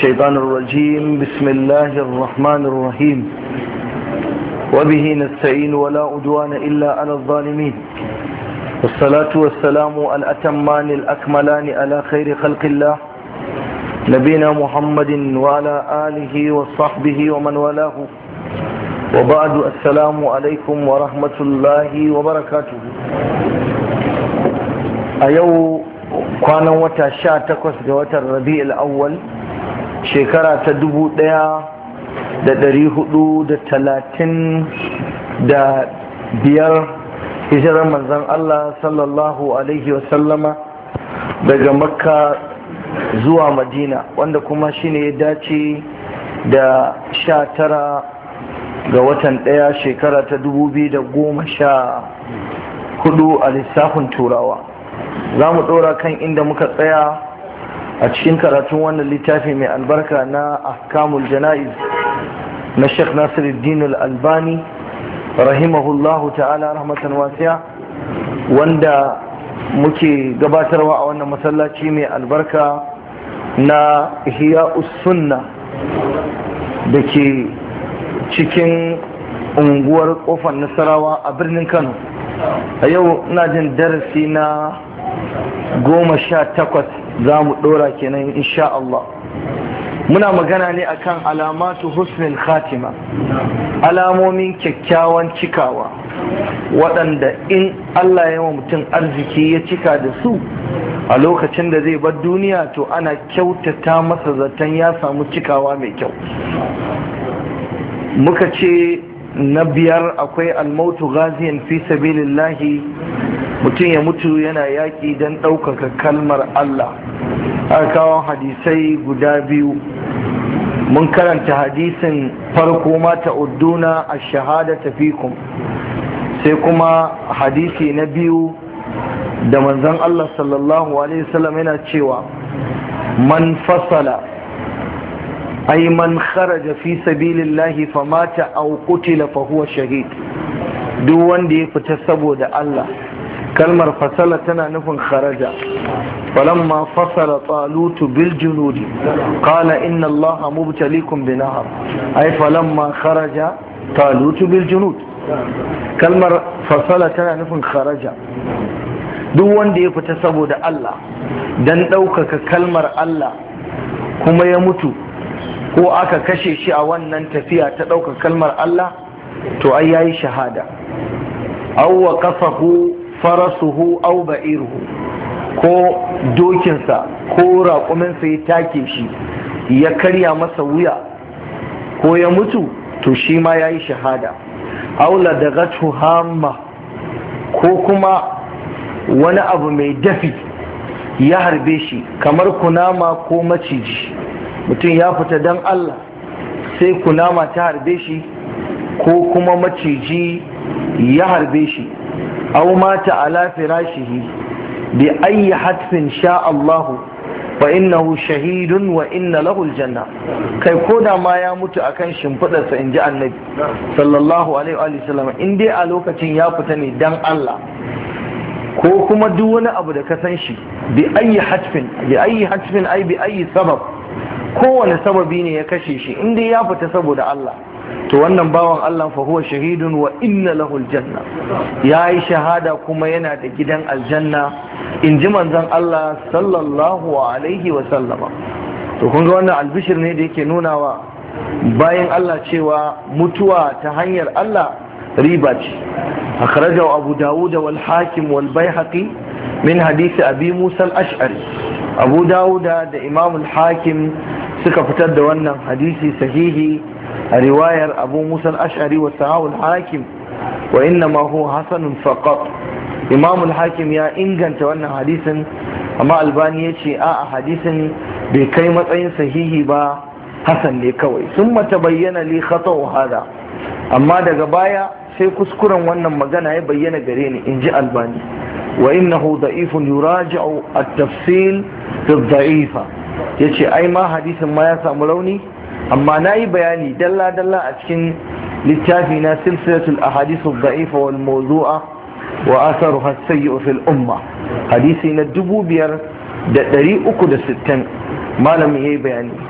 الشيطان الرجيم بسم الله الرحمن الرحيم وبه نستعين ولا عدوان إلا على الظالمين والصلاة والسلام الأتمان الأكملان على خير خلق الله نبينا محمد وعلى آله وصحبه ومن والاه وبعد السلام عليكم ورحمة الله وبركاته أيو كان وتا شاتكوس جوات الربيع الأول shekara ta dubu ɗaya da ɗari hudu da talatin da biyar hijirar manzan Allah sallallahu alaihi wasallama daga makka zuwa madina wanda kuma shine ya dace da sha tara ga watan ɗaya shekara ta dubu biyu da goma sha hudu a lissafin turawa za mu ɗora kan inda muka tsaya a cikin karatun wannan littafi mai albarka na ahkamul jana'iz na sheikh nasiruddin al-albani rahimahullahu ta'ala rahmatan wasiya wanda muke gabatarwa a wannan masallaci mai albarka na Hiya Usunna, da ke cikin unguwar kofar nasarawa a birnin kano a yau na jin darasi na goma sha takwas za mu ɗora kenan insha Allah muna magana ne akan alamatu husnul khatima alamomin kyakkyawan cikawa waɗanda in Allah ya wa mutum arziki ya cika da su a lokacin da zai bar duniya to ana kyautata masa zaton ya samu cikawa mai kyau muka ce na biyar akwai almautu Gaziyan, fi sabilillahi mutum ya mutu yana yaƙi don ɗaukaka kalmar Allah aka hadisai guda biyu mun karanta hadisin farko mata udduna a shahada tafikun sai kuma hadisi na biyu da manzon Allah sallallahu alaihi wasallam yana cewa man fasala ay man kharaja fi sabilillahi famata aw qutila fa huwa shahid duk wanda ya fita saboda Allah kalmar fasala tana nufin kharaja falamma fasala talutu bil junudi qala inna allaha mubtalikum bi nahar ay falamma kharaja talutu bil junud kalmar fasala tana nufin kharaja duk wanda ya fita saboda Allah dan ɗaukaka kalmar Allah kuma ya mutu ko aka kashe shi a wannan tafiya ta ɗaukar kalmar Allah to ai yayi shahada awwa kafahu farasuhu au ba'iruhu ko dokinsa ko raƙuminsa ya take shi ya karya masa wuya ko ya mutu to shi ma ya yi shahada aula da gatu hamma ko kuma wani abu mai dafi ya harbe shi kamar kunama ko maciji mutum ya fita don allah sai kunama ta harbe shi ko kuma maciji ya harbe shi aw mata ala firashihi bi ayyi hatfin sha Allah wa innahu shahidun wa inna kai ko da ma ya mutu akan shimfidarsa inji ji sallallahu alaihi wa in dai a lokacin ya fita ne dan Allah ko kuma duk wani abu da ka san shi bi ayi hatfin bi sabab kowane sababi ne ya kashe shi in dai ya fita saboda Allah to wannan bawan Allah fa huwa shahidun wa inna lahu aljanna yayi shahada kuma yana da gidan aljanna Inji ji manzon Allah sallallahu alaihi wa sallama to kun ga wannan albishir ne da yake nuna wa bayan Allah cewa mutuwa ta hanyar Allah riba ce akhrajahu abu dawud wal hakim wal baihaqi min hadisi abi musa al ash'ari abu dawud da imam al hakim suka fitar da wannan hadisi sahihi a riwayar abu musan ashari wa sahawul hakim wa inna ma huwa hasanun faqat imam hakim ya inganta wannan hadisin amma albani ya ce a a hadisin bai kai matsayin sahihi ba Hassan ne kawai sun mata bayyana li khata amma daga baya sai kuskuren wannan magana ya bayyana gare ni in ji albani wa innahu da'ifun yuraji'u at da bi ya ce ai ma hadisin ma ya samu rauni amma na yi bayani dalla-dalla a cikin littafi na silsilatul ahadisu da'ifa wal mawdu'a wa asaru hasayyu fil umma hadisi na dubu biyar da ɗari uku da sittin malamin ya yi bayani